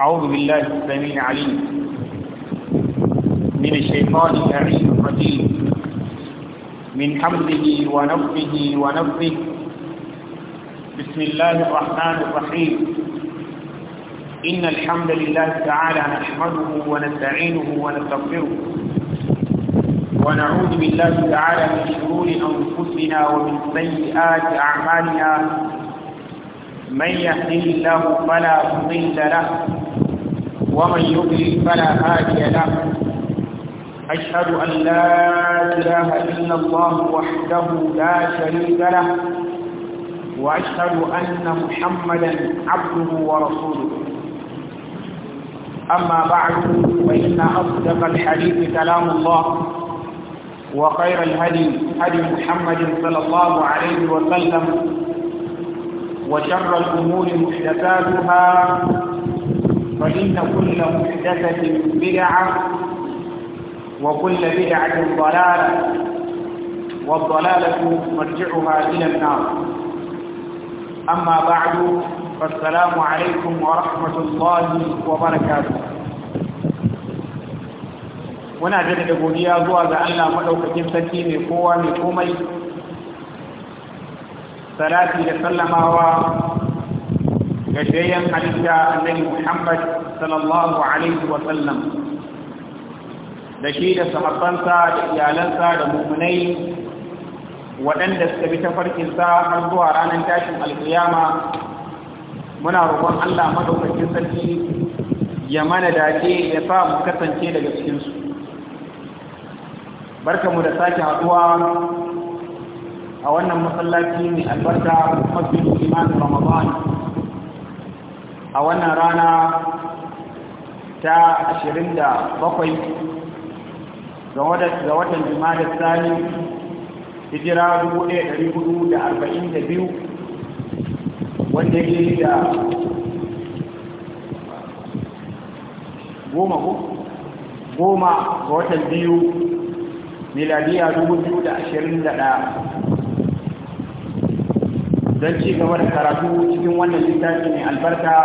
أعوذ بالله السميع العليم من الشيطان الرجيم الرجيم من حمده ونفه ونفه بسم الله الرحمن الرحيم إن الحمد لله تعالى نحمده ونستعينه ونستغفره ونعوذ بالله تعالى من شرور أنفسنا ومن سيئات أعمالنا من يهده الله فلا مضل له ومن يضلل فلا هادي له أشهد أن لا إله إلا الله وحده لا شريك له وأشهد أن محمدا عبده ورسوله أما بعد فإن أصدق الحديث كلام الله وخير الهدي هدي محمد صلى الله عليه وسلم وشر الأمور محدثاتها فإن كل محدثة بدعة وكل بدعة ضلالة والضلالة مرجعها إلى النار أما بعد فالسلام عليكم ورحمة الله وبركاته muna da godiya zuwa ga Allah madaukakin sarki mai kowa mai komai salati da sallamawa ga shayyan halitta annabi Muhammad sallallahu alaihi wa sallam da shi da sahabbansa da iyalansa da mu'minai waɗanda suka bi tafarkinsa har zuwa ranar tashin alkiyama muna roƙon Allah madaukakin sarki ya mana dace ya sa mu kasance daga cikinsu barkamu da sake haɗuwa a wannan masallaci mai albarka mafi imanin ramadan a wannan rana ta 27 ga watan jimadar sani hijira 1442 wanda ya da goma goma ga watan biyu miladiya 2021 don ci gaba da karatu cikin wannan littafi ne albarka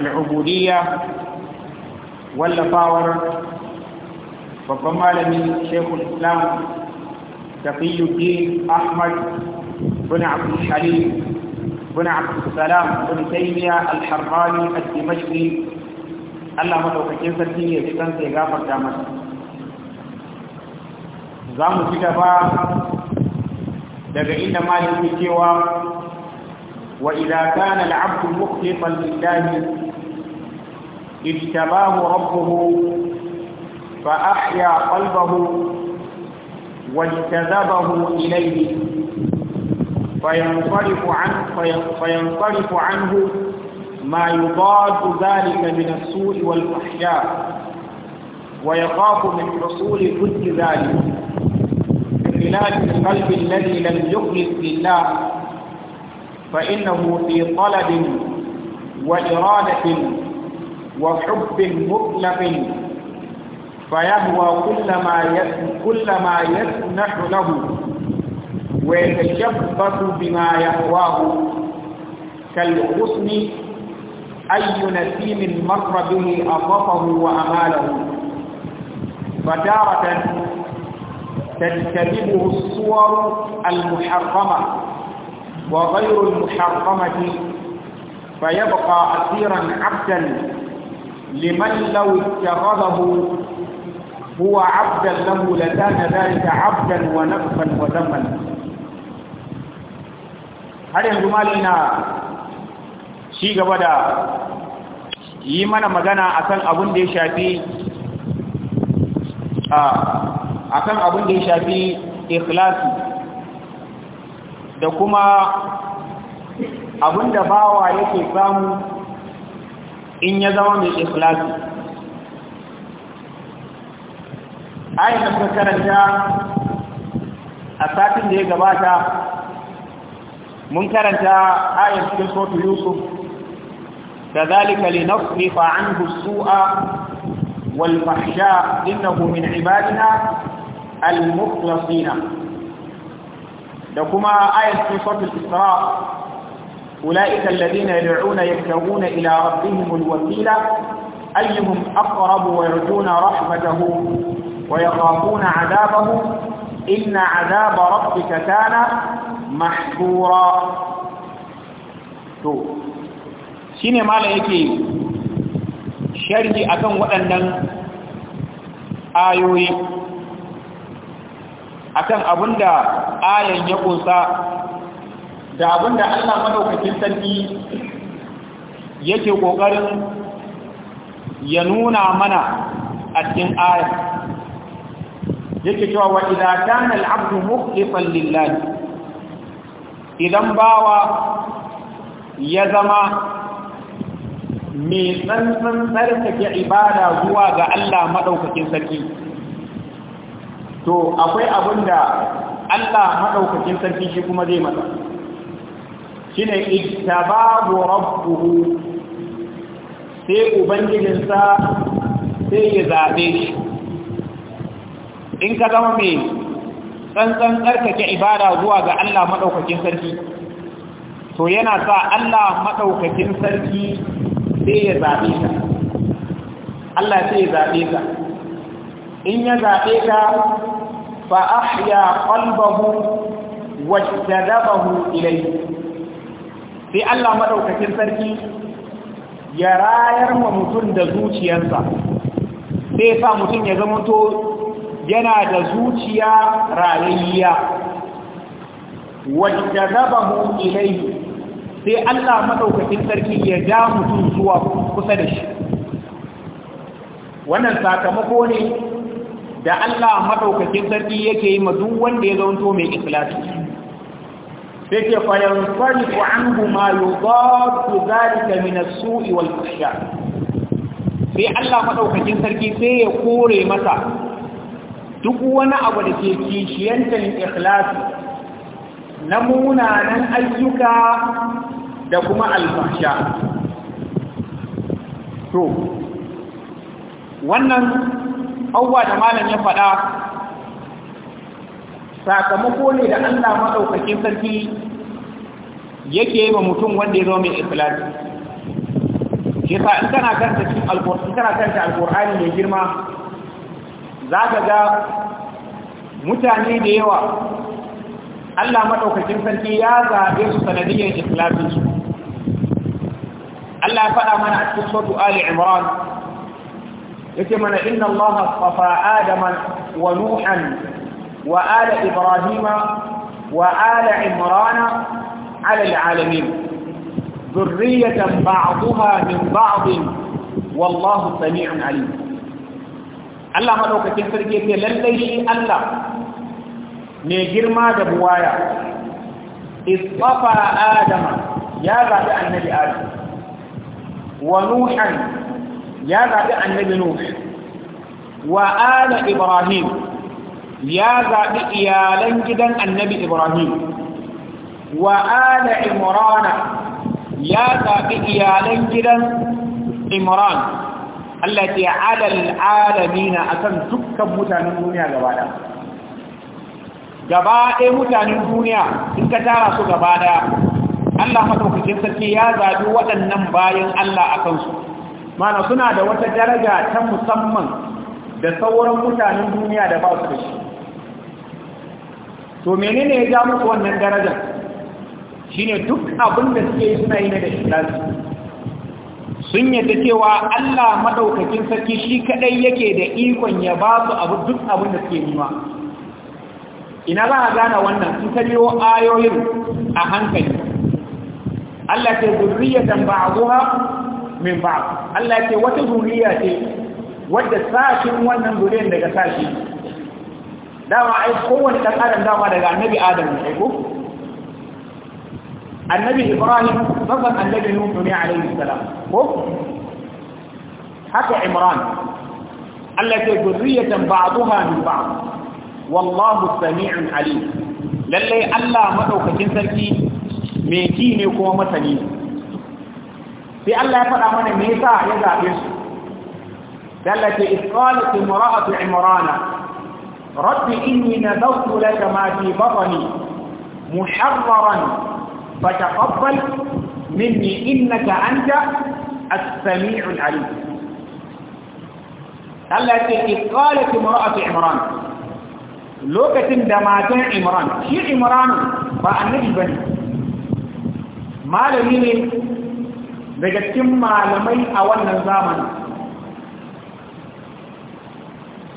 al'ubudiyya wallafawar babban malami shekul islam taqiyuddin ahmad bin abdul halim bin abdul salam bin taymiya al-harrani al-dimashqi Allah madaukakin sarki ya ji kansa ya gafarta masa za mu ci gaba daga inda maliki cewa wa idza kana al-'abdu mukhlifan lillahi ijtabahu rabbuhu fa ahya qalbahu wa واجتذبه إليه فينصرف عنه, فينصرف عنه ما يضاد ذلك من السوء والفحشاء ويخاف من حصول كل ذلك في القلب الذي لم يخلص لله فإنه في طلب وإرادة وحب مطلق فيهوى كل ما كل ما يسنح له ويتشبث بما يهواه كالغصن أي نسيم مر به أصفه وأماله فتارة تجتنبه الصور المحرمة وغير المحرمة فيبقى أثيرا عبدا لمن لو اتخذه هو عبدا له لكان ذلك عبدا ونفسا ودما هل يهدم علينا شيء ci يمنى da yi mana magana akan abin akan abin da ya shafi ikhlasi da kuma abin da bawa yake samu in ya zama mai ikhlasi ayin da muka karanta a satin da ya gabata mun karanta ayin cikin sotu yusuf da zalika li nasrifa anhu su'a wal fahsha innahu min ibadina المخلصين ده كما آية في صوت الإسراء أولئك الذين يدعون يكتبون إلى ربهم الوسيلة أيهم أقرب ويرجون رحمته ويخافون عذابه إن عذاب ربك كان محذورا تو شيني مالا شرجي أكم وأنن آيوي akan da ayan ya ƙunsa, da da Allah madaukakin sarki yake ƙoƙarin ya nuna mana a cikin ayat yake cewa wa idza kana al-abdu lillahi idan bawa ya zama mai tsantsan tsarkake ibada zuwa ga Allah Maɗaukakin sarki to akwai abin da Allah maɗaukakin sarki shi kuma zai masa shi ne ittababu rabbuhu sai ubangijinsa sai ya zaɓe shi in ka zama mai tsantsan tsarkake ibada zuwa ga Allah maɗaukakin sarki to yana sa Allah maɗaukakin sarki sai ya zaɓe ka Allah sai ya zaɓe ka in ya zaɓe ka فأحيا قلبه واجتذبه إليه في الله مدوك تنسركي يراير ومتن دزوتي ينسى سيسا متن يزمنتو ينا دزوتي رايا واجتذبه إليه sai Allah madaukakin sarki ya ja mutum zuwa kusa da shi wannan sakamako ne da Allah madaukakin sarki yake yi ma duk wanda ya zaunto mai ikhlasi sai ce fa ku anhu ma yudadu zalika min as-su'i wal fahsha sai Allah madaukakin sarki sai ya kore masa duk wani abu da ke kishiyantar ikhlasi na munanan ayyuka da kuma alfahsha to wannan abubuwa da malam ya faɗa sakamako ne da Allah maɗaukakin sarki yake yi wa mutum wanda ya zo mai ikhlasi shi sa in kana kanta cikin alƙur'ani mai girma za ka ga mutane da yawa Allah maɗaukakin sarki ya zaɓe su sanadiyyar ikhlasin Allah ya faɗa mana a cikin sautu Ali Imran yake mana inna Allah astafa Adama wa Nuhan wa ala Ibrahim wa ala Imran ala alalamin ذرية بعضها من بعض والله سميع عليم Allah madaukakin sarki ce lallai shi Allah mai girma da buwaya isfafa adama ya zaɓi annabi adam wa nuhan ya zaɓi annabi nuh wa ala ibrahim ya zaɓi iyalan gidan annabi ibrahim wa ala imrana ya zaɓi iyalan gidan imran Allah ke alal alamina akan dukkan mutanen duniya gaba da gaba ɗaya mutanen duniya in ka tara su gaba ɗaya Allah madaukakin sarki ya zaɓi waɗannan bayan Allah a kansu mana suna da wata daraja ta musamman da sauran mutanen duniya da ba su da shi to menene ya ja musu wannan darajar shine duk abin da suke yi suna yi ne da ikhlasi sun yadda cewa Allah madaukakin sarki shi kadai yake da ikon ya ba su abu duk abin da suke nima ina za a gane wannan in ka biyo ayoyin a hankali Allah ce zurriyatan ba'dhuha min ba'd Allah ce wata zuriya ce wadda sashin wannan zuriyar daga sashi dama ai kowanne dan adam dama daga annabi adam ne ko annabi ibrahim babban annabi nuhu ne alaihi salam ko haka imran Allah ce zuriyatan ba'daha min ba'd wallahu sami'un alim lalle Allah madaukakin sarki me ki ne kuma masani sai Allah ya faɗa mana me yasa ya zabe su dallati isqalat imra'atu imrana rabbi inni nadartu laka ma fi batni muharraran fataqabbal minni innaka anta as-sami'ul 'alim dallati isqalat imra'atu imrana lokacin da matan imran shi imran ba annabi bane malami ne daga cikin malamai a wannan zamanin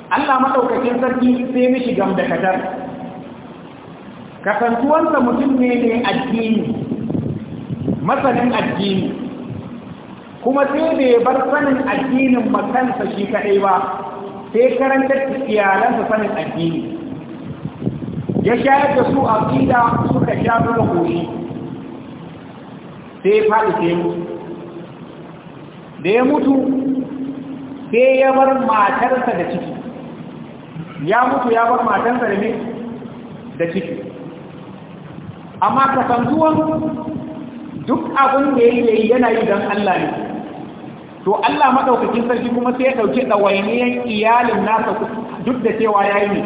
Allah maɗaukacin sarki sai mishi gamda da kadar kasantuwansa mutum ne ne addini masanin addini kuma sai bai bar sanin addinin makansa shi kaɗai ba sai karantar iyalansa sanin addini ya shayar da su aqida suka sha da goshi sai faɗi sai da ya mutu sai ya bar matarsa da ciki ya mutu ya bar matarsa da ne da ciki amma kasantuwan duk abin da ya yi yana yi don Allah ne to Allah maɗaukakin sarki kuma sai ya ɗauki ɗawainiyan iyalin nasa duk da cewa ya yi ne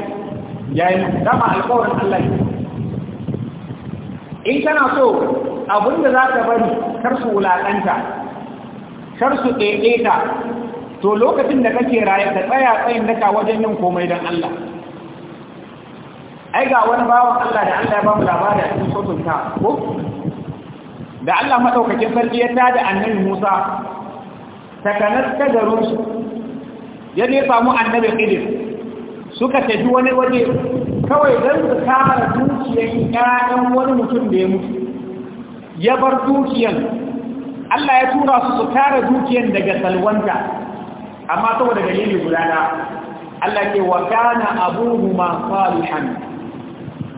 ya yi dama alƙawarin Allah ne in kana so abin da za ka bari kar su wulaƙanta kar su ta, to lokacin da kake raye ka tsaya tsayin daka wajen yin komai don Allah ai ga wani bawan Allah da Allah ya ba mu labari a cikin ta, ko da Allah maɗaukakin sarki ya da annabi Musa takanas ta da su ya ne samu annabi Khidir suka tafi wani waje kawai don su kamar dukiyar ƴaƴan wani mutum da ya mutu ya bar dukiyar Allah ya tura su su tara dukiyar daga salwanta amma saboda dalili guda na Allah ke wa kana ma salihan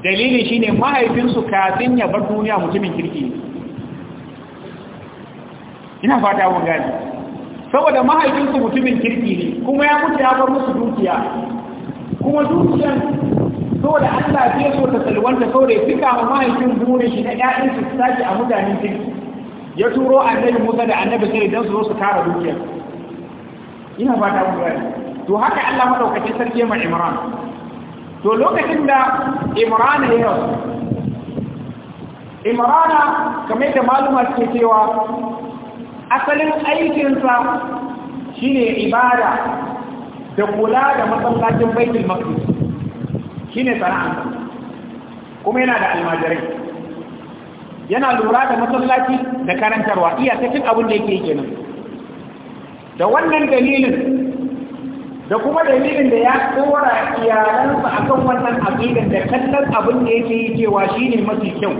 dalili shine mahaifinsu kafin ya bar duniya mutumin kirki ina fata mun gani saboda mahaifinsu mutumin kirki ne kuma ya mutu ya bar musu dukiya kuma dukiyar saboda Allah ya so ta salwanta saboda ya fika mahaifin burin shi na ƴaƴansu su tashi a mutanen kirki ya turo annabi Musa da annabi sai dan su zo su tara dukiya. ina ba ta gani to haka Allah madaukakin sarki ma Imran to lokacin da Imran ya rasu Imran kamar da maluma ke cewa asalin aikinsa shine ibada da kula da masallacin Baitul Maqdis shine sana'a kuma yana da almajirai yana lura da masallaci da karantarwa iya ta abin da yake kenan da wannan dalilin da kuma dalilin da ya tsora iyalansa akan wannan aqidan da kallon abin da yake yi cewa shine mafi kyau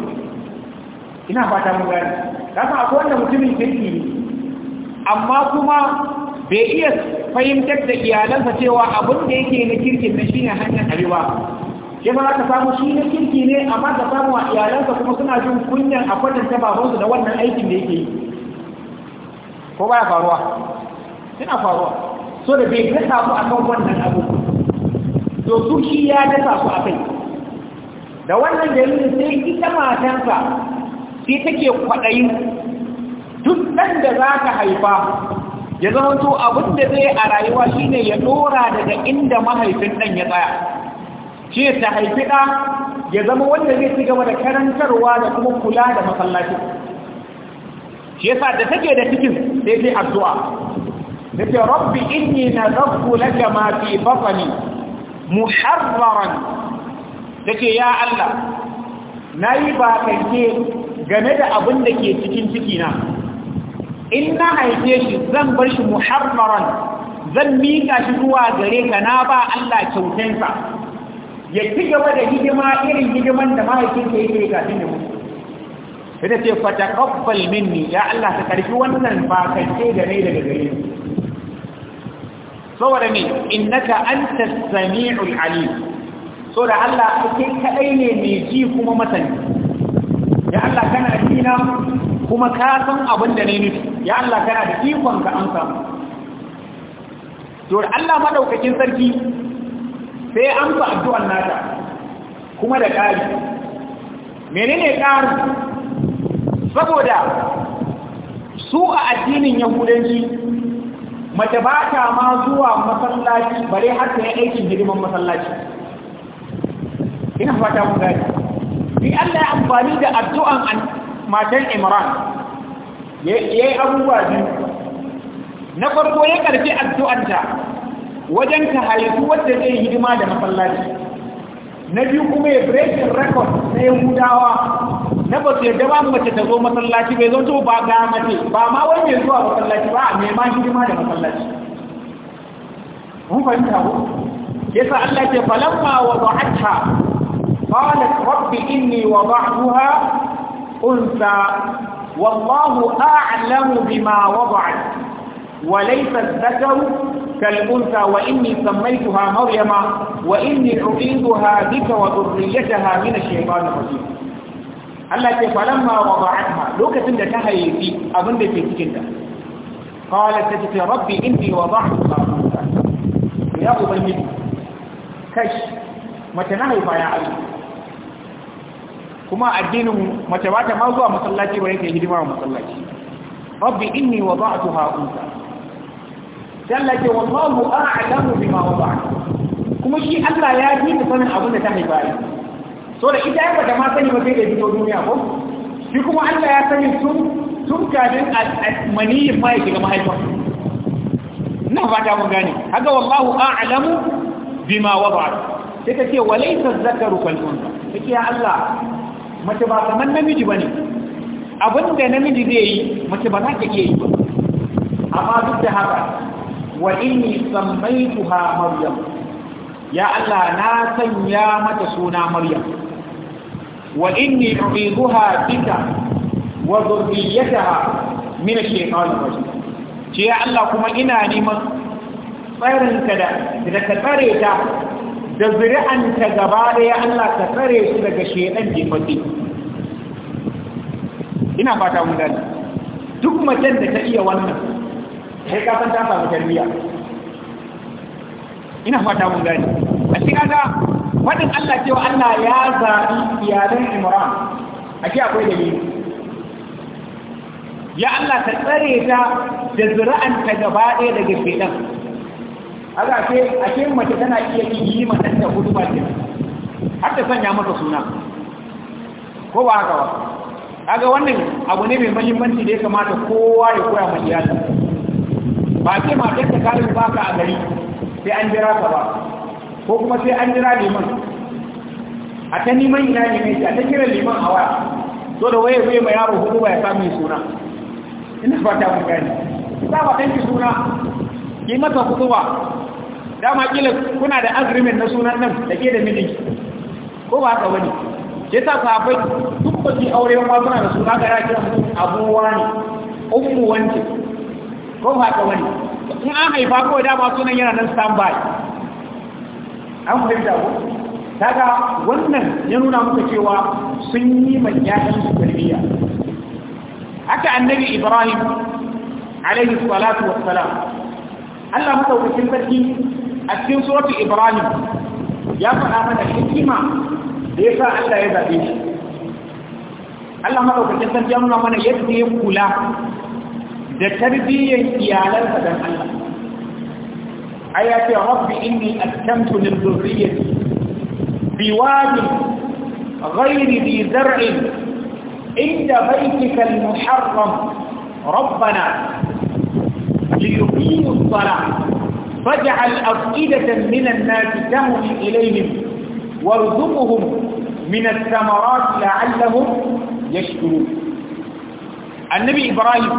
ina fata mun gani kasa akwai wanda mutumin kirki amma kuma bai iya fahimtar da iyalansa cewa abin da yake na kirkin na shine hanyar ariwa Ya fara ka samu shi na kirki ne amma ka samu a iyalansa kuma suna jin kunyan a ta babansu da wannan aikin da yake yi ko baya faruwa suna faruwa so da bai gasa su kan wannan abu to su shi ya dasa su kai da wannan dalilin sai ita matansa sai take kwaɗayin duk ɗan da za ka haifa ya zama to abin da zai a rayuwa shine ya ɗora daga inda mahaifin ɗan ya tsaya shi ta haifi ɗa ya zama wanda zai ci gaba da karantarwa da kuma kula da masallaci shi yasa da take da cikin sai dai addu'a nake rabbi inni nazartu laka ma fi batni muharraran take ya Allah nayi ba kake game da abin da ke cikin na. in na haife shi zan bar shi muharraran zan mika shi zuwa gare ka na ba Allah kyautensa ya ci gaba da hidima irin hidiman da mahaifinsa yake kafin da mutu sai ce fataqabbal minni ya Allah ka karfi wannan ba bakance da ne daga gare ni saboda me innaka antas samiul alim da Allah kake kaɗai ne mai ji kuma masani ya Allah kana ji na kuma ka san abin da ne nufi. ya Allah kana da ikon ka amsa Dole Allah madaukakin sarki sai an fa addu'an nata kuma da ƙari menene ƙari saboda su a addinin yahudanci mace ba ta ma zuwa masallaci bare har ta yi aikin hidiman masallaci ina fata mun gani bi Allah ya amfani da addu'an matan Imran yayi abubuwa biyu na farko ya karfi addu'anta wajen ka halittu wadda zai hidima da masallaci na biyu kuma ya breaking record na yahudawa na ba su yadda ba mace ta zo masallaci bai zonto ba ga mace ba ma wani mai zuwa masallaci ba a mai ma hidima da masallaci mun fahimta ko yasa Allah ke falamma wa ba'atha qalat rabbi inni wada'tuha ba'daha unsa wallahu a'lamu bima wada'at وليس الذكر كالأنثى وإني سميتها مريم وإني أعيدها بك وذريتها من الشيطان الرجيم Allah ce falamma wada'atha lokacin da ta haifi abin da ke cikin ta qalat ta ce rabbi inni wada'tuha unsa ya ubangiji kash mace na haifa ya kuma addinin mace ba ta ma zuwa masallaci ba yake hidima wa masallaci rabbi inni wada'tuha unsa Allah ke wallahu a'lamu bima wada'a kuma shi Allah ya ji ta sanin abin da ta haifa ne so da ita ya bata ma sani ba sai da fito duniya ko shi kuma Allah ya sani tun tun kafin maniyin ma ya shiga mahaifa na fata mun gane haka wallahu a'lamu bima wada'a sai ta ce walaysa zakaru kal unsa take ya Allah mace ba kaman namiji bane da namiji zai yi mace ba za ta iya yi ba amma duk da haka wa inni sammaituha maryam ya Allah na sanya mata suna maryam wa inni ubiduha bika wa dhurriyyataha min ash-shaytanir rajim ce ya Allah kuma ina neman tsarinka da da ka tsare ta da zuri'anta gaba da ya Allah ka tsare su daga shaytan jimafi ina fata mun gani duk macen da ta iya wannan sai kasan ta samu tarbiyya ina fata mun gani a cikin haka faɗin Allah cewa Allah ya zaɓi iyalan Imran a ce akwai dalili ya Allah ta tsare ta da ta gaba ɗaya daga shedan haka ce a ce mace tana iya yi mata ta hudu ba ce har ta sanya masa suna ko ba haka ba kaga wannan abu ne mai mahimmanci da ya kamata kowa ya koya ma iyali ba ce ma ta kare ba ka a gari sai an jira ka ba ko kuma sai an jira liman a ta neman ina ne mai a ta kira liman a waya so da waye waye ma yaro hudu ba ya samu suna ina ta mun gani za ba danki suna ki masa hutuwa dama kila kuna da agreement na sunan nan da ke da miji ko ba ka wani ke sa sahabbai duk ba ki aure ma suna da suna ga ya kira abuwa ne ummu wanci ko haka wani in an haifa ko dama sunan yana nan standby an fahimta ko daga wannan ya nuna muka cewa sun yi mai yayan su tarbiyya haka annabi ibrahim alaihi salatu wassalam Allah madaukakin sarki a cikin suratul ibrahim ya faɗa mana hikima da yasa Allah ya zabe shi Allah madaukakin sarki ya nuna mana yadda ya kula da tarbiyyar iyalansa don Allah a ya ce rabbi inni askamtu min zurriyyati biwadin ghairi bi zar'in inda baitika al-muharram rabbana ليقيموا الصلاة فاجعل أفئدة من الناس تهوي إليهم وارزقهم من الثمرات لعلهم يشكرون النبي إبراهيم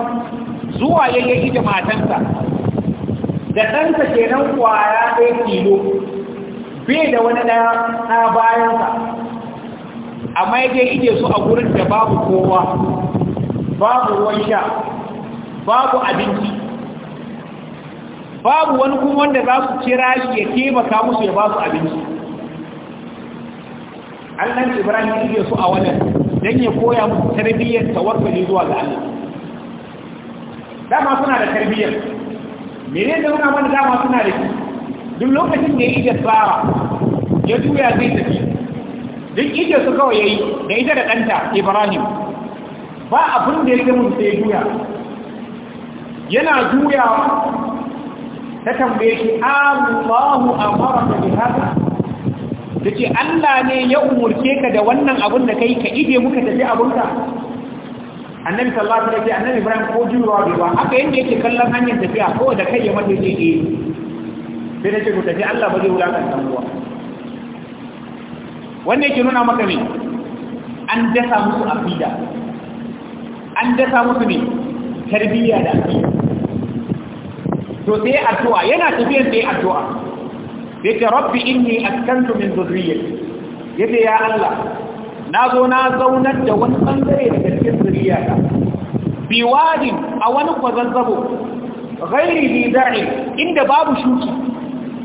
zuwa ya yi da matansa da ɗansa kenan kwaya ɗaya filo, bai da wani na bayansa amma ya ke ije su a gurin da babu kowa babu ruwan sha babu abinci babu wani kuma wanda za su kira shi ya taimaka musu ya ba su abinci Allah Ibrahim ya su a wannan don ya koya mu tarbiyyar da zuwa ga Allah dama suna da tarbiyyar mene da nuna wani dama suna da shi duk lokacin da ya ija bawa ya juya zai tafi duk ija su kawai ya yi da ita da ɗanta ibrahim ba abin da ya mun sai juya yana juyawa ta tambaye shi allahu amara da bi haka da ce allah ne ya umurce ka da wannan abin da kai ka ije muka tafi abinka annabi sallallahu alaihi wasallam annabi Ibrahim ko juruwa bai ba haka yanda yake kallon hanyar tafiya ko da kai ya mace ce eh sai da ce ku tafi Allah ba zai wulakanta mu ba wannan yake nuna maka ne an dasa musu aqida an dasa musu ne tarbiyya da aqida to sai addu'a yana tafiyar sai addu'a sai ta rabbi inni askantu min dhurriyyati yace ya Allah na zo na zaunar da wani bangare daga cikin zuriya ta biwadin a wani kwazazzabo ghairi lidari inda babu shuki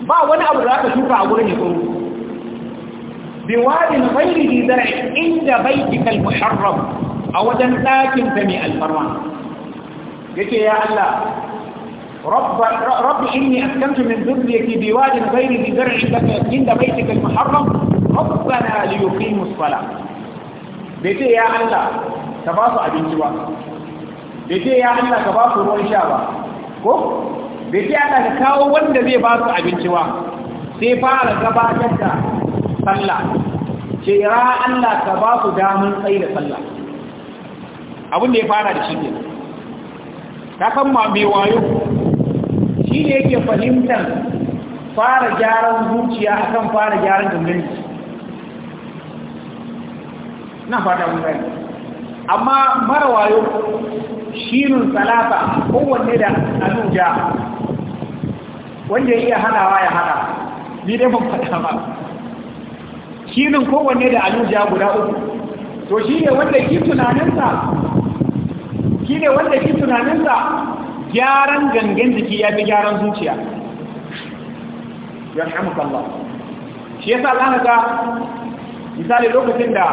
ba wani abu da aka shuka a gurin ya tsoro biwadin ghairi lidari inda baitikal muharram a wajen ɗakin ta mai alfarma yake ya Allah رب إني أسكنت من ذريتي بواد غير ذي زرع عند بيتك المحرم ربنا ليقيموا الصلاة bai ce ya Allah ka ba su abinci ba bai ce ya Allah ka ba su ruwan sha ba ko bai ce Allah ka kawo wanda zai ba su abinci ba sai fara gabatar da sallah ce ra Allah ka ba su damun tsaye da sallah abin da ya fara da shi ne ta kan ma mai wayo shi ne yake fahimtar fara gyaran zuciya akan fara gyaran gangan na fata mun gani amma mara wayo shinun salata kowanne da aluja wanda ya iya wa ya hana ni dai ban faɗa ba Shirin kowanne da aluja guda uku to shi ne wanda ki tunaninsa shi ne wanda ki tunaninsa gyaran gangan jiki ya fi gyaran zuciya ya shi yasa za ka ga misali lokacin da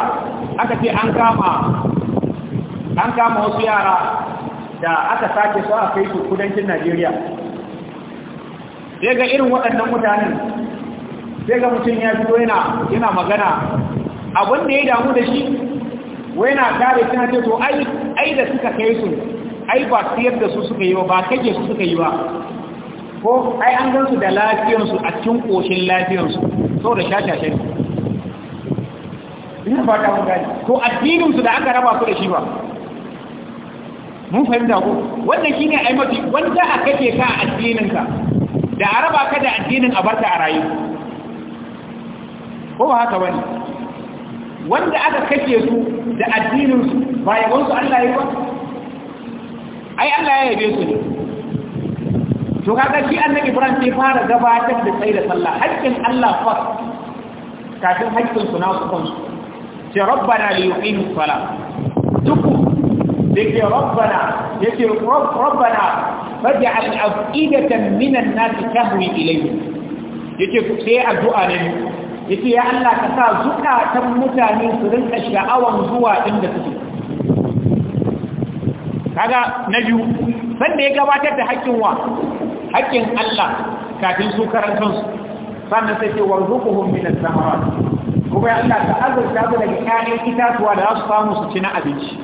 aka ce an kama an kama wasu yara da aka sake su a kai su kudancin Najeriya sai irin waɗannan mutanen sai mutum ya fito yana yana magana abin da ya damu da shi wai na kare suna ce to ai da suka kai su ai ba siyar da su suka yi ba ba kake su suka yi ba ko ai an gan su da lafiyarsu a cikin koshin lafiyarsu shashashen su ina fata mun gani to addinin su da aka raba su da shi ba mun fahimta ko wannan shine ai mafi wanda a kake ka addinin ka da a raba ka da addinin a barka a rayu ko ba haka bane wanda aka kake su da addinin su ba yabon su Allah yi ba ai Allah ya yabe su ne to kaga shi annabi Ibrahim sai fara gabatar da sai da sallah haƙƙin Allah fa kafin haƙƙin su na su kansu ce rabbana li yuqimu sala duk dake rabbana yake rabbana faj'al af'idatan minan nas tahwi ilayhi yake sai addu'a ne yake ya Allah ka sa ta mutane su rinka sha'awan zuwa inda suke kaga na biyu sanda ya gabatar da haƙƙin wa haƙƙin Allah kafin su karan kansu sannan sai ce warzuquhum min as-samarat kuma ya Allah ka azurta su daga ƴaƴan itatuwa da za su samu su ci na abinci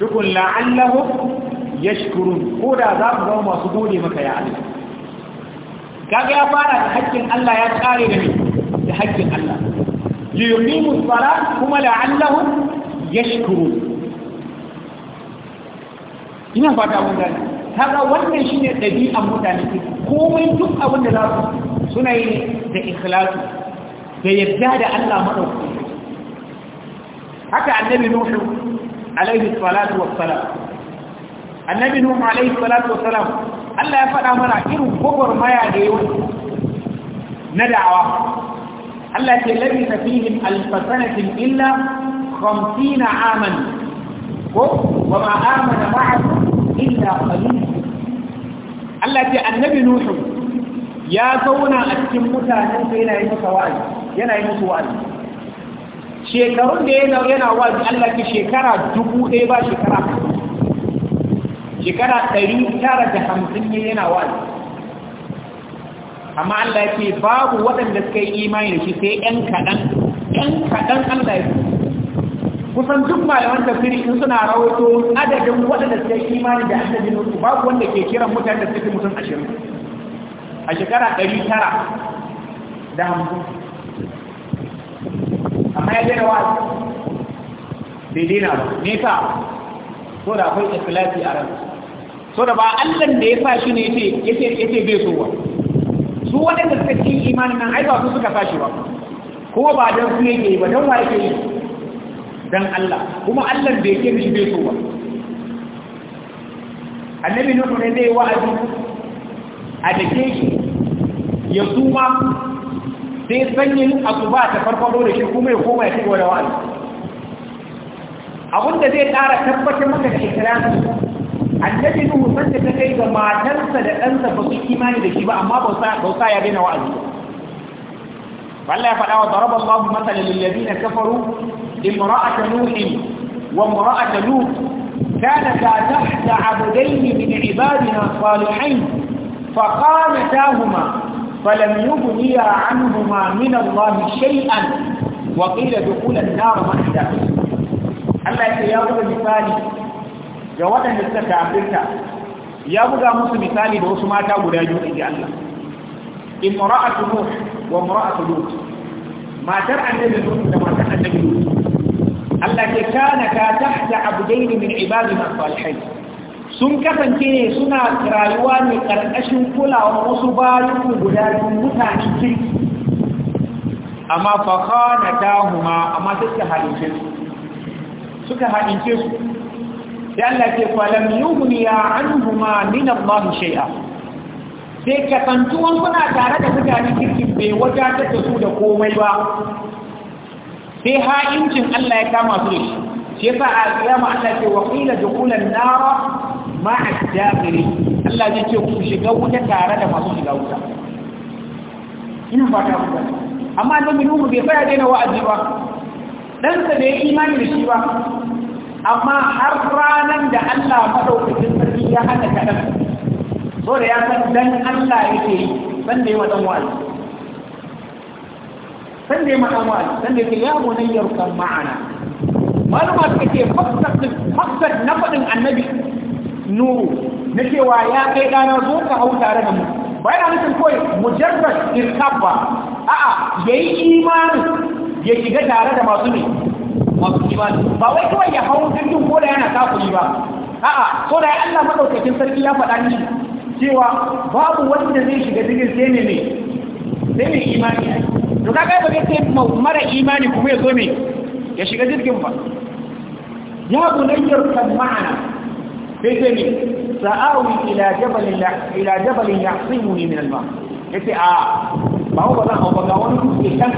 dukun la'allahu ya shukuru. ko da za ku zama masu gode maka ya Allah kaga ya fara da haƙƙin Allah ya tsare da ni da haƙƙin Allah li yuqimu sala kuma la'allahu ya shukuru. ina fata mun gane kaga wannan shine ɗabi'an mutane komai duk abin da za su suna yi da ikhlasu da yadda da Allah maɗauki haka annabi nuhu alaihi salatu wassalam annabi nuhu alaihi salatu wassalam Allah ya faɗa mana irin gwagwarmaya da yau na da'awa Allah ce labisa fihim alfasanatin illa 50 aman ko wa ma amana ma'ahu illa qalil Allah ce annabi nuhu ya zauna a cikin mutanen sa yana yi masa wa'azi yana yi masa wa'azi shekarun da yana yana wa'azi Allah ki shekara dubu ɗaya ba shekara shekara ɗari tara da hamsin ne yana wa'azi amma Allah ce babu waɗanda suka yi imani da shi sai ƴan kaɗan ƴan kaɗan Allah ya kusan duk malaman tafsiri in suna rawato adadin waɗanda suka yi imani da annabin su babu wanda ke kiran mutane da suke mutum ashirin a shekara ɗari tara da hamsin amma ya jera wa bai daina ba nesa so da akwai ikhlasi a ran so da ba allan da ya sa shi ne ya ce bai so ba su waɗanda suka cikin imanin nan ai ba su suka sa shi ba kuma ba don su yake yi ba don wa yake yi don allah kuma allan da ya ke shi bai so ba annabi nuhu ne zai wa'azi a dake shi ya suma sai sanyin asuba ta farfado da shi kuma ya koma ya shigo da wani abinda zai ƙara tabbatar maka da ikirani annabi nuhu san da ta kai ga matarsa da ɗansa ba su imani da shi ba amma bauta ya daina wa'azi Allah ya faɗa wa daraba Allah masalan lil ladina kafaru imra'atu nuhin wa imra'atu lut كانتا تحت عبدين من عبادنا الصالحين فقامتاهما فلم يبغي عنهما من الله شيئا وقيل دخول النار ما حدا الله يا رب مثالي يا ودان سكا يا بغا مس مثالي ده ما تا لا جو دي الله امراه نوح وامراه لوط ما ترى ان النبي نوح ده ما ترى النبي لوط الله كانك تحت عبدين من عبادنا الصالحين sun kasance ne suna rayuwa ne ƙarƙashin kulawa wasu bayan guda biyu mutane kirki amma faka na dahuma amma suka halince su suka halince su sai Allah ke falam yughniya anhuma min Allah shay'a sai kasantuwan suna tare da mutane kirki bai wadatar ta su da komai ba sai ha'incin Allah ya kama su da shi shi sa a kiyama Allah ke wa qila dukulan nara ma a dakiri Allah zai ce ku shiga wuta tare da masu shiga wuta ina ba ta wuta amma annabi nuhu bai fara daina wa'azi ba dan sa bai imani da shi ba amma har ranan da Allah madaukakin sarki ya hana kadan so da ya san dan Allah yake yi ban da yi wa dan wa'azi san da ya ɗan wa san da ke ya gunayyar kan ma'ana maluma suka ce maksad na faɗin annabi nuru na cewa ya kai dana zo ka hau tare da mu ba yana nufin kawai mujarrad irkab ba a'a yayi imani ya shiga tare da masu ne masu imani ba wai kawai ya hau jirgin ko da yana kafuri ba a'a so da Allah madaukakin sarki ya faɗa ni cewa babu wanda zai shiga jirgin sai ne ne sai ne imani to kaga ba zai sai mara imani kuma ya zo ne ya shiga jirgin ba ya bunayyar kan ma'ana sai ce ne sa'awi ila jabalin ila jabalin yahsimuni min al-ma yace a ba ba zan hau ba ga wani dutse kan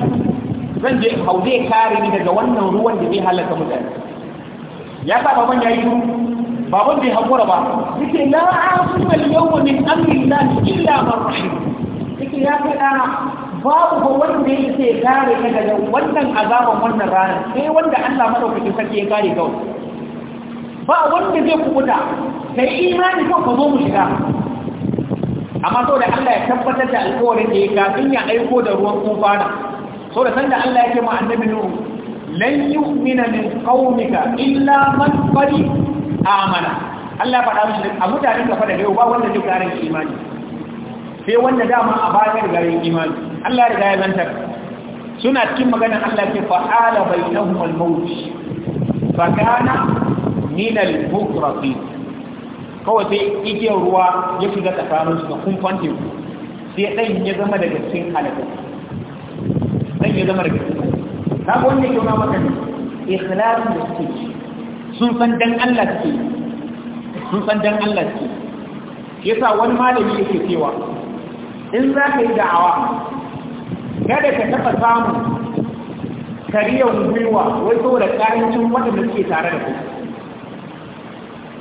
zan je hau kare ni daga wannan ruwan da zai halaka mutane ya sa baban yayi duru baban bai hakura ba yace la asuma al-yawma min amri llahi illa man rahim yace ya kai dana babu ba wanda yake kare ka daga wannan azaban wannan ranar sai wanda Allah madaukakin sarki ya kare kawai ba wanda zai kubuta da imani kan ka zo mu shiga amma so da Allah ya tabbatar da alƙawarin da ya kafin ya aiko da ruwan tufana so da sanda Allah yake ma annabi nuhu lan yu'mina min qaumika illa man qad amana Allah ya faɗa mishi a mutanen ka fada yau ba wanda zai karin imani sai wanda dama a bayan garin imani Allah ya riga ya zantar suna cikin maganar Allah ke fa'ala bainahum al-maut fa kana min al-mukrafi kawai sai igiyar ruwa ya shiga tsakanin su da kumfan teku sai dan ya zama daga cikin halaka dan ya zama daga cikin ka ga wannan yau na maka ne ikhlasin da suke ci sun san dan Allah suke sun san dan Allah suke yasa wani malami yake cewa in za ka yi da'awa kada ka taɓa samun kariyar gwiwa wai saboda ƙarancin waɗanda suke tare da ku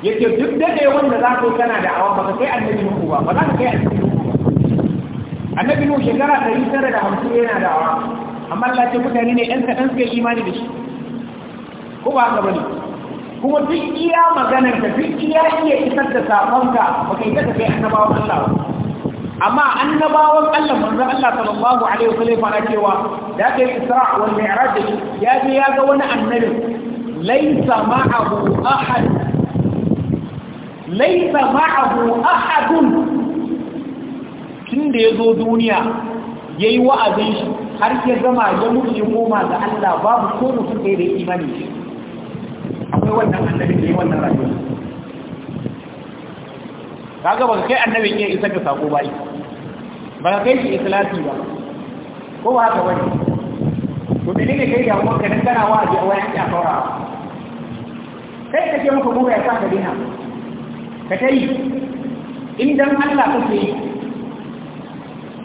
yake duk dade wanda za ka kana da awan baka kai annabi nuhu ba ba za ka kai annabi nuhu ba annabi nuhu shekara hamsin yana da awa amma Allah ce mutane ne ɗan kaɗan suka imani da shi ko ba haka bane kuma duk iya maganar ka duk iya iya isar da sakonka ba kai ta kai annabawan Allah ba amma annabawan Allah manzon Allah sallallahu alaihi wasallam fara cewa da kai Isra wal Mi'raj ya je ya ga wani annabi laysa ma'ahu ahad laisa ma'ahu ahadun tun da ya zo duniya ya yi wa'azin shi har ke zama ya mutu ya koma ga Allah babu ko mutum ɗaya da imani shi akwai wannan annabi da ya wannan rayuwa kaga ba kai annabi ke isa ka sako ba ba kai shi ikhlasi ba ko ba haka wani to da ne kai da mu kana kana wa'azi a wayan ya saura kai kake muka buga ya saka ka dina ka ta yi in dan Allah kake yi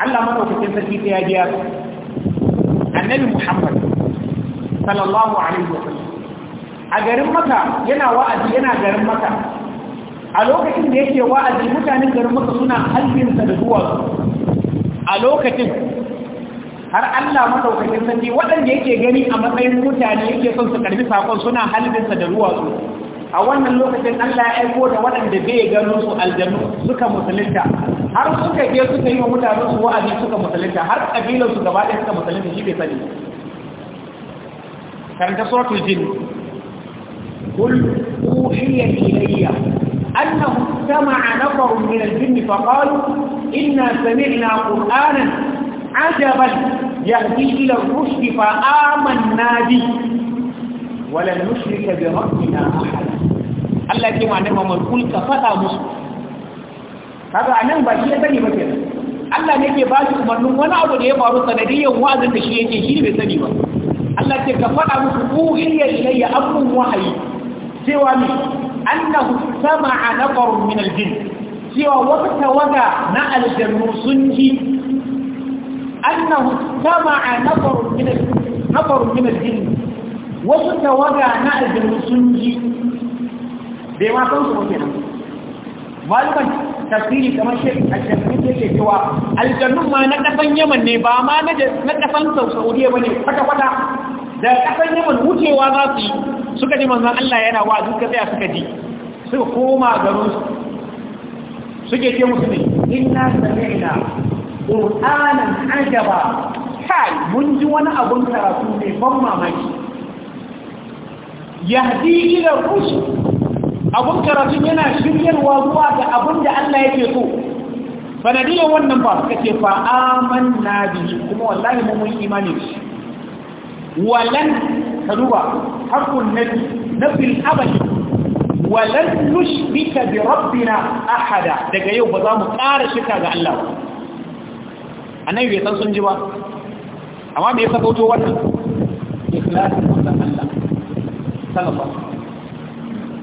Allah madaukakin sarki ta ya biya annabi Muhammad sallallahu alaihi wa sallam a garin maka yana wa'azi yana garin maka a lokacin da yake wa'azi mutanen garin maka suna halin sa da duwatsu a lokacin har Allah madaukakin sarki waɗanda yake gani a matsayin mutane yake son su karbi sakon suna halin sa da duwatsu a wannan lokacin Allah ya aiko da waɗanda bai gano su aljanu suka musulunta har suka je suka yi wa mutanen su wa'azi suka musulunta har kabilan su gaba ɗaya suka musulunta shi bai sani karanta suratul jin قل أوحي إلي أنه سمع نفر من الجن فقالوا إنا سمعنا قرآنا عجبا يهدي إلى الرشد فآمنا به ولن نشرك بربنا احدا الله يجمع نعمه من كل كفاه مسلم هذا انا باجي ثاني مثلا الله يجي باجي من وانا ابو ده يبارو سنديه واذن ده شي يجي شي الله يجي كفاه مسلم هو الا شيء امر وحي سوى انه سمع نفر من الجن سوى وقت وقع نعل جنوسنجي أنه سمع نفر من الجن wasu tawaga na aljanu sun ji bai ma kan su mafi nan maluman tasiri kamar shi aljanu da ke cewa aljanu ma na kasan yaman ne ba ma na kasan saudiya ba ne kwata-kwata da kasan yaman wucewa za su yi suka ji manzan Allah yana wa duka tsaya suka ji suka koma su suke ce musu ne inna sami'na qur'anan ajaba kai mun ji wani abun karatu mai ban mamaki yahdi ila rushd abun karatun yana shiryarwa zuwa ga abun da Allah yake so sanadiyar wannan ba suka ce fa amanna kuma wallahi mu mun imani shi walan kaduba hakun nabi nabil abadi walan nushrika bi rabbina ahada daga yau ba za mu ƙara shirka ga Allah ba annabi bai san sun ji ba amma me ya sako to wannan ikhlasin Allah صلى الله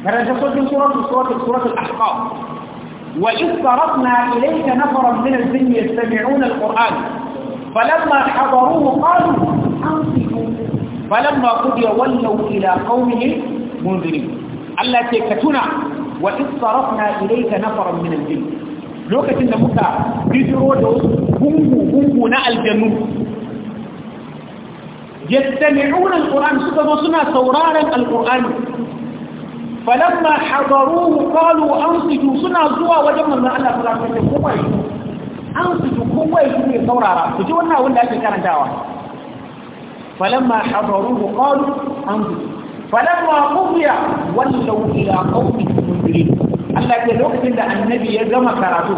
كان يقول في سورة سورة سورة الأحقاف وإذ صرفنا إليك نفرا من الجن يستمعون القرآن فلما حضروه قالوا أنصتوا فلما قضي ولوا إلى قومهم منذرين ألا تكتنا وإذ صرفنا إليك نفرا من الجن لوكة إن موسى بيجروا له بمبو نأل جنوب يستمعون القرآن سكبسنا سورارا القرآن فلما حضروه قالوا أنصتوا سنا زوا وجمع من الله فلا تكوي أنصتوا كوي كوي سورارا فجونا ولا أجل كان دعوة فلما حضروه قالوا أنصتوا فلما قضي ولوا إلى قومهم منذرين Allah ke lokacin da annabi ya gama karatu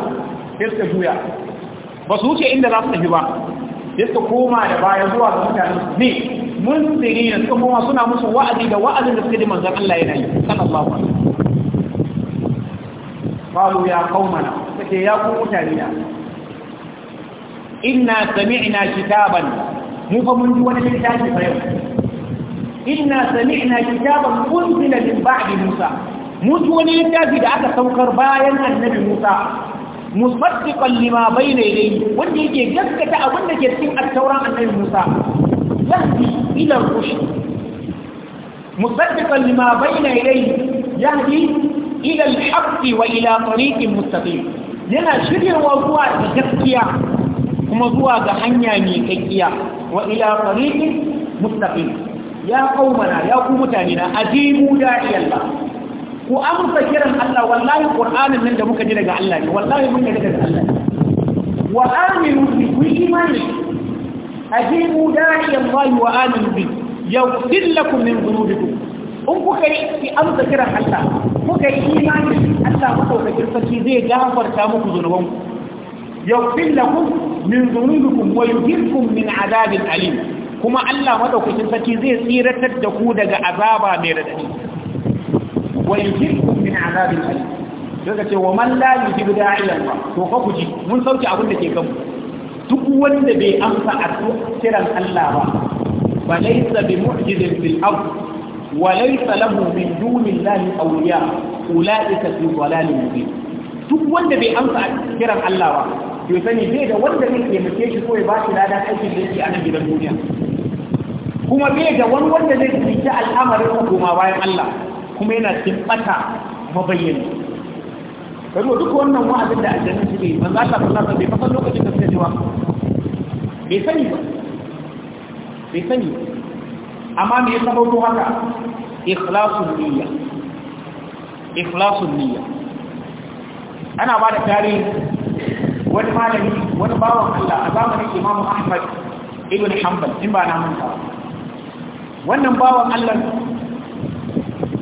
sai suka juya ba su wuce inda za su tafi ba sai suka koma da baya zuwa ga mutanen ne mun tsiri da suka koma suna musu wa'azi da wa'azin da suka ji manzon Allah yana yi sallallahu alaihi wasallam ya qaumana sai ya ku mutane na inna sami'na kitaban mu fa mun ji wani littafi fa yau inna sami'na kitaban unzila min ba'di musa mu ji wani littafi da aka saukar bayan annabi musa musaddiqan lima bayna yadayhi wanda yake gaskata abin da ke cikin at-tauran annabi Musa yahdi ila rushd musaddiqan lima bayna yadayhi yahdi ila al-haqq wa ila tariqin mustaqim yana shiryawa zuwa ga gaskiya kuma zuwa ga hanya mai kakkiya wa ila tariqin mustaqim ya qaumana ya ku mutane na ajibu da'iyallah ku amsa kiran Allah wallahi Qur'anin nan da muka ji daga Allah ne wallahi mun ji daga Allah ne wa aminu bi kulli man ajibu da'i Allah wa aminu bi yaghfir lakum min dhunubikum in kuka yi amsa kiran Allah kuka yi imani Allah madaukakin sarki zai gafarta muku zunubanku yaghfir lakum min dhunubikum wa yujirkum min adabin alim kuma Allah madaukakin sarki zai tsiratar da ku daga azaba mai radadi wa yujirkum min azabin alim sai ce wa man la yujibu da'iyan ba to fa ku ji mun sauke abin da ke kanmu duk wanda bai amsa addu'a kiran Allah ba ba laysa bi mu'jizin fil ard wa laysa lahu min duni llahi awliya ulaika fi dhalalin mubin duk wanda bai amsa a kiran Allah ba to sani bai da wanda zai taimake shi ko ya ba shi ladan aikin da yake ana gidan duniya kuma bai da wani wanda zai tsinci al'amarin hukuma bayan Allah kuma yana cikin bata mabayyana kazo duk wannan wa'azin da aljanna suke manzo Allah sallallahu alaihi wasallam bai lokacin da suke cewa bai sani ba bai sani amma me ya sabauto haka ikhlasun niyya ikhlasun niyya ana ba da tarihi wani malami wani bawan Allah a zamanin Imam Ahmad ibn Hanbal in ba na manta wannan bawan Allah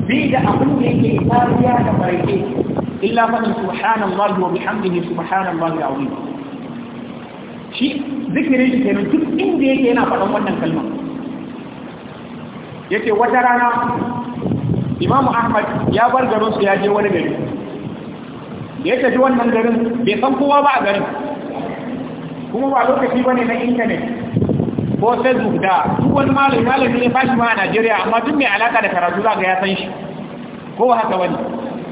bi da abin da yake kariya da barke illa man subhanallahi wa bihamdihi subhanallahi alazim shi zikirin shi kenan duk inda yake yana faɗan wannan kalma yake wata rana imamu ahmad ya bar garin su ya je wani gari ya tafi wannan garin bai san kowa ba a garin kuma ba lokaci bane na intanet ko facebook da duk wani malami malami ne fashi ma a Najeriya amma duk mai alaka da karatu za ga ya san shi ko haka wani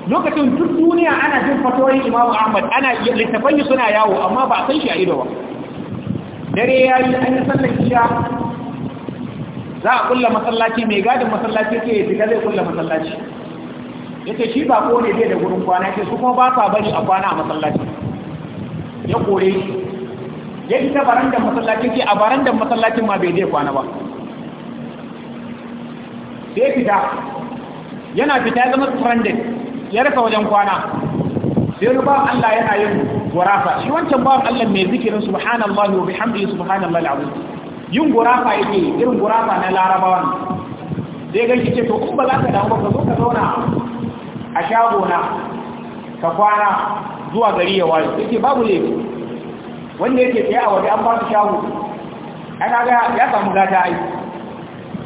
lokacin duk duniya ana jin fatoyi Imam Ahmad ana littafan suna yawo amma ba a san shi a ido ba dare yi an yi sallar isha za a kulla masallaci mai gadin masallaci ke yi zai kulla masallaci yace shi ba kone ne zai da gurin kwana ce su kuma ba sa bari a kwana a masallaci ya kore ya isa barandan masallacin sai a barandan masallacin ma bai je kwana ba sai fita yana fita ya zama stranded ya rasa wajen kwana sai wani Allah yana yin gurafa shi wancan bawan Allah mai zikirin subhanallahi wa bihamdihi subhanallahi alazim yin gurafa yake irin gurafa na larabawan sai ganki ce to in ba za ka damu ba ka zo ka zauna a shagona ka kwana zuwa gari ya wayo yake babu laifi wanda yake tsaye a waje an ba su shago ana ga ya samu gata ai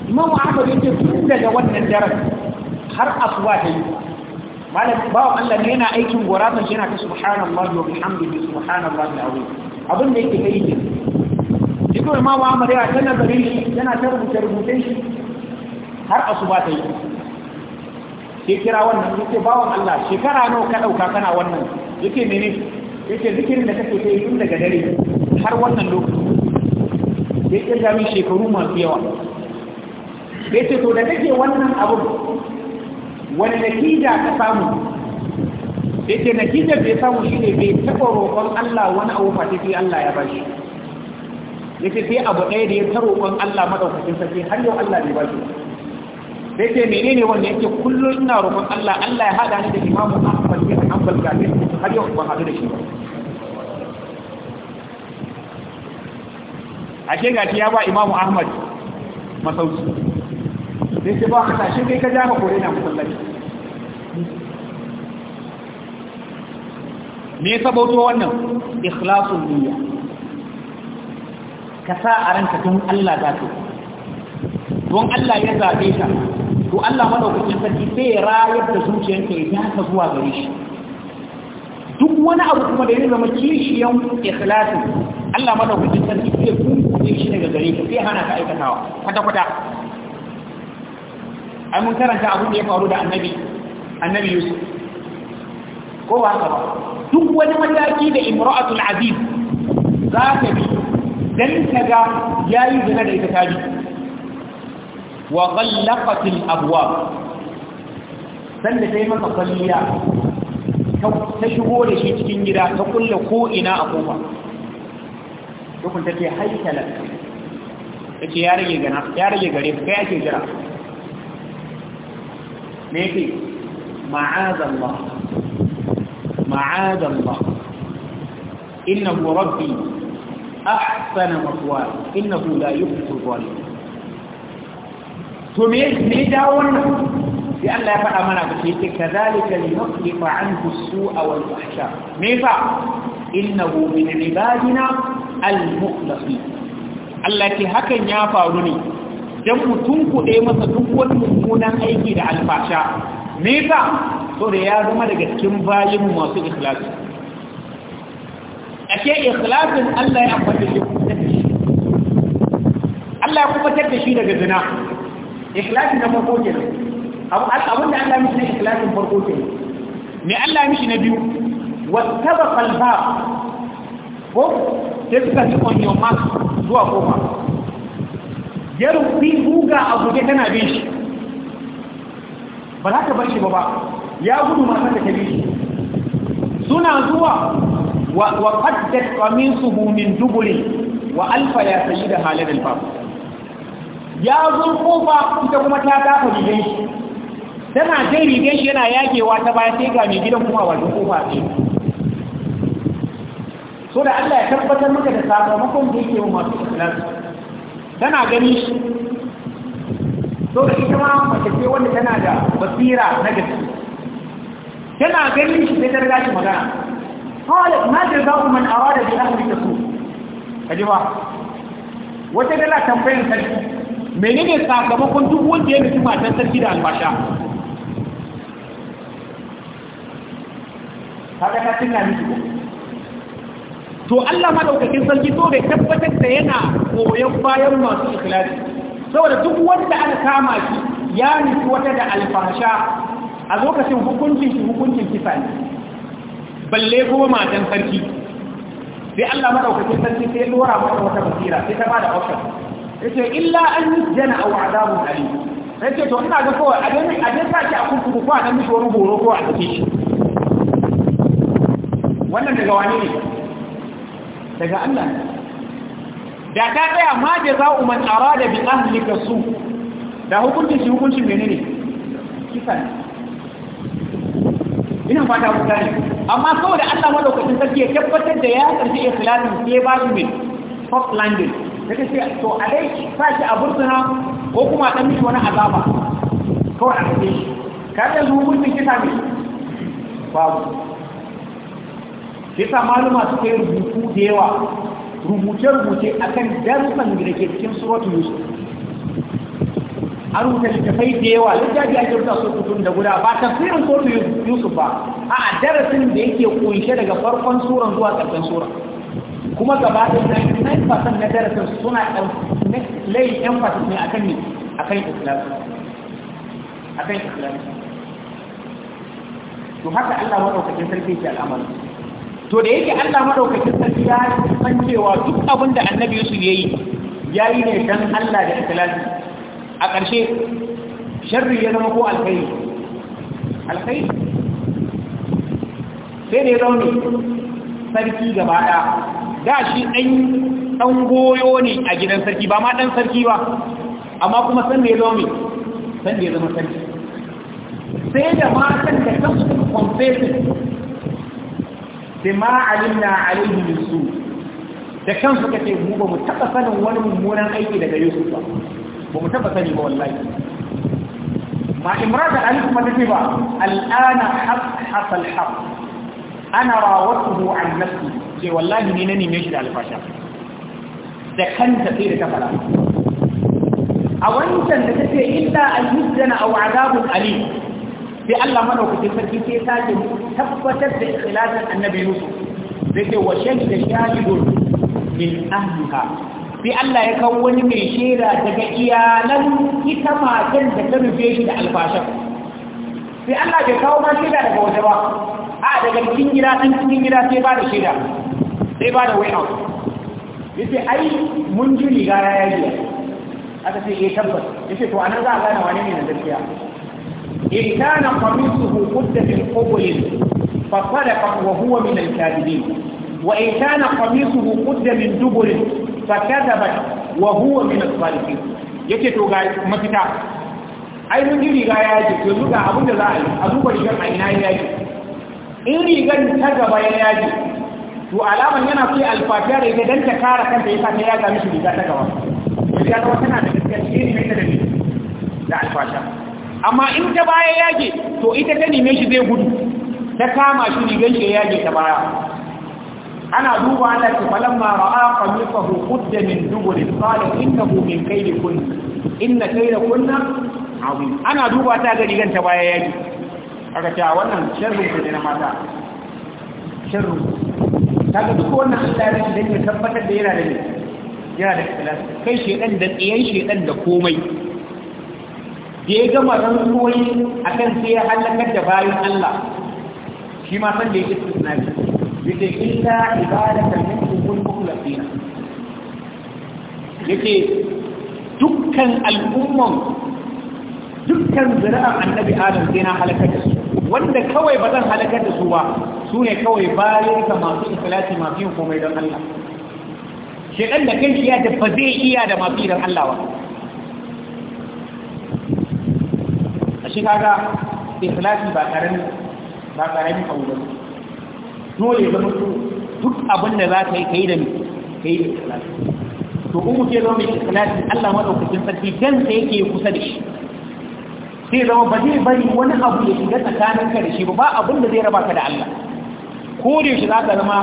imam ahmad yake tun daga wannan daren har asuba ta yi malam bawan Allah ne yana aikin guratan shi yana ta subhanallahi wa bihamdihi subhanallahi alazim abin da yake kai ne duk imam ahmad yana ta nazarin shi yana ta rubuce rubuce shi har asuba ta yi sai kira wannan yake bawan Allah shekara nawa ka dauka kana wannan yake menene yake zikirin da kake kai tun daga dare har wannan lokaci ya kirga min shekaru masu yawa ya to da kake wannan abu wani natija ka samu ya ce natijar da ya samu shi ne bai taɓa roƙon Allah wani abu fata sai Allah ya bashi ya sai abu ɗaya da ya ta roƙon Allah maɗaukakin sarki har yau Allah bai bashi sai menene wanda yake kullum ina roƙon Allah Allah ya haɗa ni da imamu Ahmad bin Hanbal Gafir har yau ba haɗu da shi ba ashe gashi ya ba imamu ahmad masauki sai ce ba a tashi kai ka jama kore na musallaci me ya sabauto wannan ikhlasun niyya ka sa a ranka tun Allah za ka don Allah ya zaɓe ka to Allah maɗaukacin sarki sai ya rayar da zuciyarka ya yaka zuwa gare shi duk wani abu kuma da ya zama kishiyan ikhlasin Allah madaukakin sarki sai kun shi daga gare ka sai hana ka aikatawa kwata kwata ai mun karanta abin da ya faru da annabi annabi Yusuf ko ba haka ba duk wani mataki da imra'atul aziz za ta bi dan ta ga yayi zina da ita tabi wa ghallaqatil abwab sanda ta yi masa kwalliya ta shigo da shi cikin gida ta kulle ko ina a kofa dukun ta ce haikalar ta ce ya rage gare ka ya ke jira me yake ma'azan ba ma'azan ba inna hu rabbi ahsana masuwa inna hu la yi kusur to me ya dawo wannan sai Allah ya faɗa mana ba sai kadhalika linuslifa anhu as-su'a wal fahsha me fa innahu min ibadina al-mukhlasin Allah ke hakan ya faru ne dan mutum ku dai masa duk wani mummunan aiki da alfasha me fa so da ya zama daga cikin bayin masu ikhlasi ake ikhlasin Allah ya faɗi shi Allah ya kubatar da daga zina ikhlasi na farko kenan abin da Allah mishi na ikhlasin farko ke ne Allah mishi na biyu wattaba qalba ko sai suka ci on your mark zuwa kofa yarfi buga a guje tana bin shi ba za ka bar shi ba ba ya gudu masu da kabi shi suna zuwa wa qaddat qamisuhu min dubuli wa alfa ya sayyida halal al-bab ya zo kofa ita kuma ta dafa gidan shi tana sai rigar shi yana yagewa ta baya sai ga mai gidan kuma wajen kofa ce so da Allah ya tabbatar maka da sakamakon da yake wa masu ikhlas tana gani shi so da ita ma mace ce wanda tana da basira na gaske tana gani shi sai ta riga shi magana kawai ma da za ku man awa da bi afirka su ji ba wata dala tambayin sarki menene sakamakon duk wanda ya mutu matan sarki da albasha kaga ka tunna miki to Allah madaukakin sarki so da tabbatar da yana koyon bayan masu ikhlasi saboda duk wanda aka kama shi ya nufi wata da alfasha a lokacin hukuncin shi hukuncin kisa ne balle kuma matan sarki sai Allah madaukakin sarki sai lura mata wata basira sai ta bada option yace illa an yusjana aw azabun alim yace to ina ga kawai a dai a dai sa ki a kurkuku ko a nan mishi wani horo ko a cikin shi wannan daga wani ne daga Allah da ta tsaya ma umar tsara da bi lika su da hukuncin shi hukuncin menene kisa ne ina fata ku ne amma saboda Allah madaukakin sarki ya tabbatar da ya karbi ikhlasin sai ba shi mai soft landing ta ce to a dai sa shi a burtuna ko kuma dan mishi wani azaba kawai a kace shi ka da zuwa hukuncin kisa ne babu Yasa maluma suka yi rubutu da yawa rubuce-rubuce akan darsan da ke cikin suratu yusuf an rubuta littafai da yawa littafi ake rubuta su da guda ba tafsirin suratu yusuf ba a darasin da yake kunshe daga farkon suran zuwa ƙarshen sura kuma gaba da 99% na darasin suna layin emphasis ne akan ne akan islam akan to haka Allah madaukakin sarki ke al'amarin to da yake Allah madaukakin sarki ya san cewa duk abin da annabi Yusuf yayi yayi ne dan Allah da ikhlasi a ƙarshe sharri ya zama ko alkhairi alkhairi sai ne ya zaune sarki gaba ɗaya da shi ɗan ɗan goyo ne a gidan sarki ba ma ɗan sarki ba amma kuma san da ya zaune san da ya zama sarki sai da matan da kan confessing bima alimna alaihi min su da kansu kace mu ba mu taba sanin wani mummunan aiki daga Yusuf ba ba mu taba sani ba wallahi ma imrata ali ma take ba al'ana haq hasal haq ana rawatuhu an nafsi ce wallahi ne nani me shi da alfasha da kanta sai da ta fara a wancan da take illa an yuzana aw adabun alim sai Allah madaukakin sarki sai sake tabbatar da ikhlasin annabi Yusuf zai ce wa shahida shahidun min ahliha sai Allah ya kawo wani mai shaida daga iyalan ita matan da ta rufe shi da albashin sai Allah ya kawo ma shaida daga waje ba a daga cikin gida ɗan cikin gida sai ba da shaida sai ba da wayan yace ai mun ji ligara ya yi aka ce eh, ya tabbas yace to anan za a gane wane ne na gaskiya in كان قميصه قد min القبل فصدق وهو من الكاذبين وإن كان قميصه wa in دبر فكذب وهو min الصالحين yake to ga mafita ai mun ji riga ya ji to zuga abinda za a yi a duba rigar a ina ya ji in rigar ta gaba ya yaji to alaman yana fi alfafiya da ita don ta kara kanta ya ta yaga mishi riga ta gaba riga ta wata na da gaskiya shi mai da da amma in ta baya yage to ita ta neme shi zai gudu ta kama shi rigar shi yage ta baya ana duba ana ce falamma ra'a qamisahu qudda min dubur qala innahu min kayli kun inna da kunna abu. ana duba ta ga gan ta baya yage aka ce wannan sharrin ku ne na mata Ta kaga duk wannan tsari da dan ya tabbatar da yana da yana da kai shedan da tsiyan shedan da komai da ya gama rantsuwai a kan sai ya halakar da bayan Allah shi ma san da ya kisu na bi yake illa ibadatan minkum mukhlasin yake dukkan al'umman dukkan zira'ar annabi adam sai na halakar da su wanda kawai ba zan halakar da su ba su ne kawai bayan ka masu ikhlasi masu yin komai don Allah shekan da kai shi ya da zai iya da masu idan Allah ba shi kaga ikhlasi ba karami ba karami abu ba dole zama su duk abin da za ka yi kai da kai da ikhlasi to kuma ke zama mai ikhlasi Allah madaukakin sarki dan sa yake kusa da shi sai zama ba zai bari wani abu ya shiga ka da shi ba ba abin da zai raba ka da Allah ko da yaushe za ka zama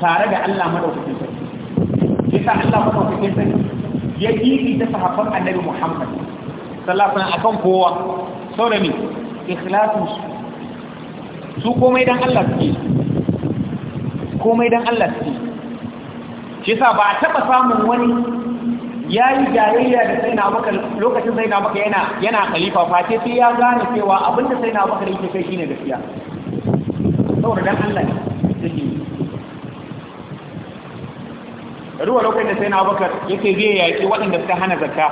tare da Allah madaukakin sarki yasa Allah madaukakin sarki ya yi ta sahabban Annabi Muhammad sallallahu alaihi wasallam akan kowa sau da mi ikhlasin su su komai don Allah su, komai don Allah suke shi sa ba a taɓa samun wani ya yi jayayya da sai na maka lokacin sai na maka yana yana khalifa face sai ya gane cewa abinda sai na da yake kai shine gaskiya saboda dan Allah ne ruwa lokacin da sai na maka yake biye yaki waɗanda suka hana zakka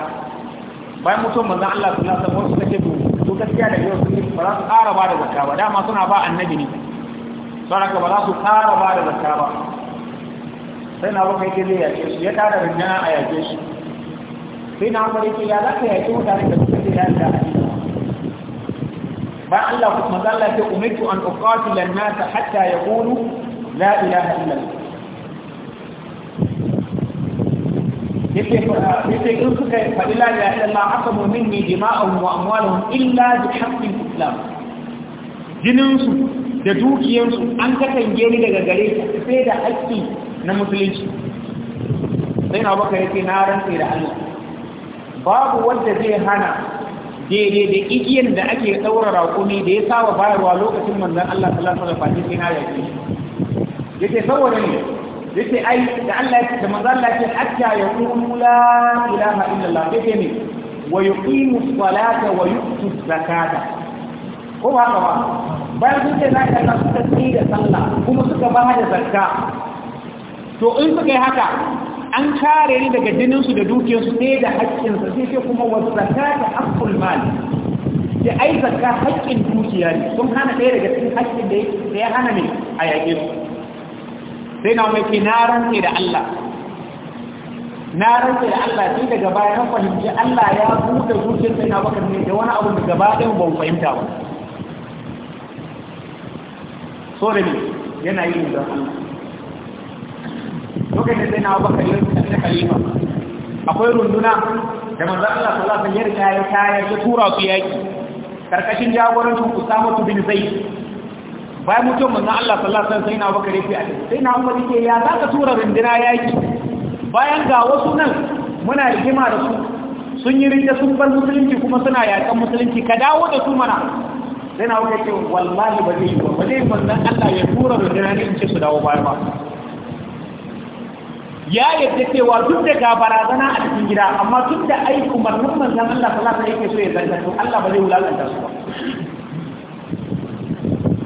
bayan mutum manzon Allah sallallahu alaihi wasallam suka ce su gaskiya da yau sun ba za su ƙara ba da zakka ba dama suna ba annabi ne saboda ba za su ƙara ba da zakka ba sai na baka yake zai yake su ya ƙara rinjana a yake shi sai na baka yake ya za ka yake mutane da suka ce ya da ba Allah kuma zalla ta umirtu an uqatila an-nas hatta yaqulu la ilaha illallah yake yake in suka faɗi la ilaha illallah asamu jima'a dima'ahum wa amwaluhum illa bi haqqil islam jinin da dukiyansu an katange ni daga gare sai da haƙƙi na musulunci sai na baka yake na rantsa da Allah babu wanda zai hana daidai da igiyan da ake ɗaura raƙumi da ya saba bayarwa lokacin manzon Allah sallallahu alaihi wasallam sai na yake yake saboda ne yake ai da Allah ya ce da manzo Allah ya ce hatta yaqulu la ilaha illallah yake ne wa yuqimu salata wa yu'tu zakata ko ba ka ba bayan sun ce zaka Allah suka tsaye da sallah kuma suka ba da zakka to in suka yi haka an kare ni daga jininsu da dukiyarsu ne da haƙƙinsa sai ce kuma wa zakata haqqul mal da ai zakka haƙƙin dukiya ne sun hana ɗaya daga cikin haƙƙin da ya hana ne a yaƙe su sai na mai na rantse da Allah na rantse da Allah sai daga bayan fahimci Allah ya buɗe zuciyar sai na bakar ne da wani abu da gaba ɗaya ba fahimta ba so da ne yana yi da Allah lokacin sai na bakar yin da kalima akwai runduna da manzo Allah sallallahu alaihi wasallam ya riga ya tura su yaki karkashin jagorancin Usama bin Zaid bayan mutum manzon Allah sallallahu alaihi wasallam sai na bakare shi a sai na umar yake ya za ka tura rindina yaki bayan ga wasu nan muna rigima da su sun yi rinda sun bar musulunci kuma suna yakan musulunci ka dawo da su mana sai na wuce ce wallahi ba zai yi ba ba zai manzon Allah ya tura rindina ne in ce su dawo bayan ba ya yadda cewa duk da ga barazana a cikin gida amma duk da aikin umarnin manzan Allah sallallahu alaihi wasallam yake so ya zanta to Allah ba zai wulalanta su ba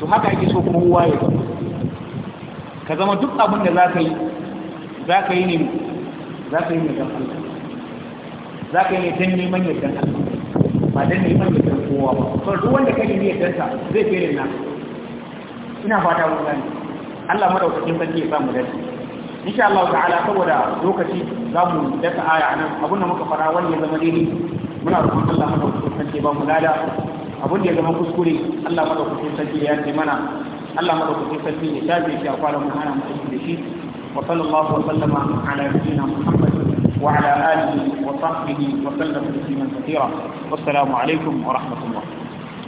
to haka ake so kuma kowa ya zama ka zama duk abin da za ka yi za ka yi ne za ka yi ne don Allah za ka yi ne don neman yardan Allah ba don neman yardan kowa ba to duk wanda ka nemi yardansa zai fere na ina fata mun gani Allah madaukakin sarki ya samu dace insha Allah ta'ala saboda lokaci za mu daka aya nan abin da muka fara wani ya zama daidai muna roƙon Allah madaukakin sarki ba mu lada abin da ya zama kuskure Allah madaukakin sarki ya ce mana Allah madaukakin sarki ya tafi shi a fara mu hana mu da shi wa sallallahu wa sallama ala nabiyyina Muhammad wa ala alihi wa sahbihi wa sallam taslima kathira wassalamu alaikum wa rahmatullah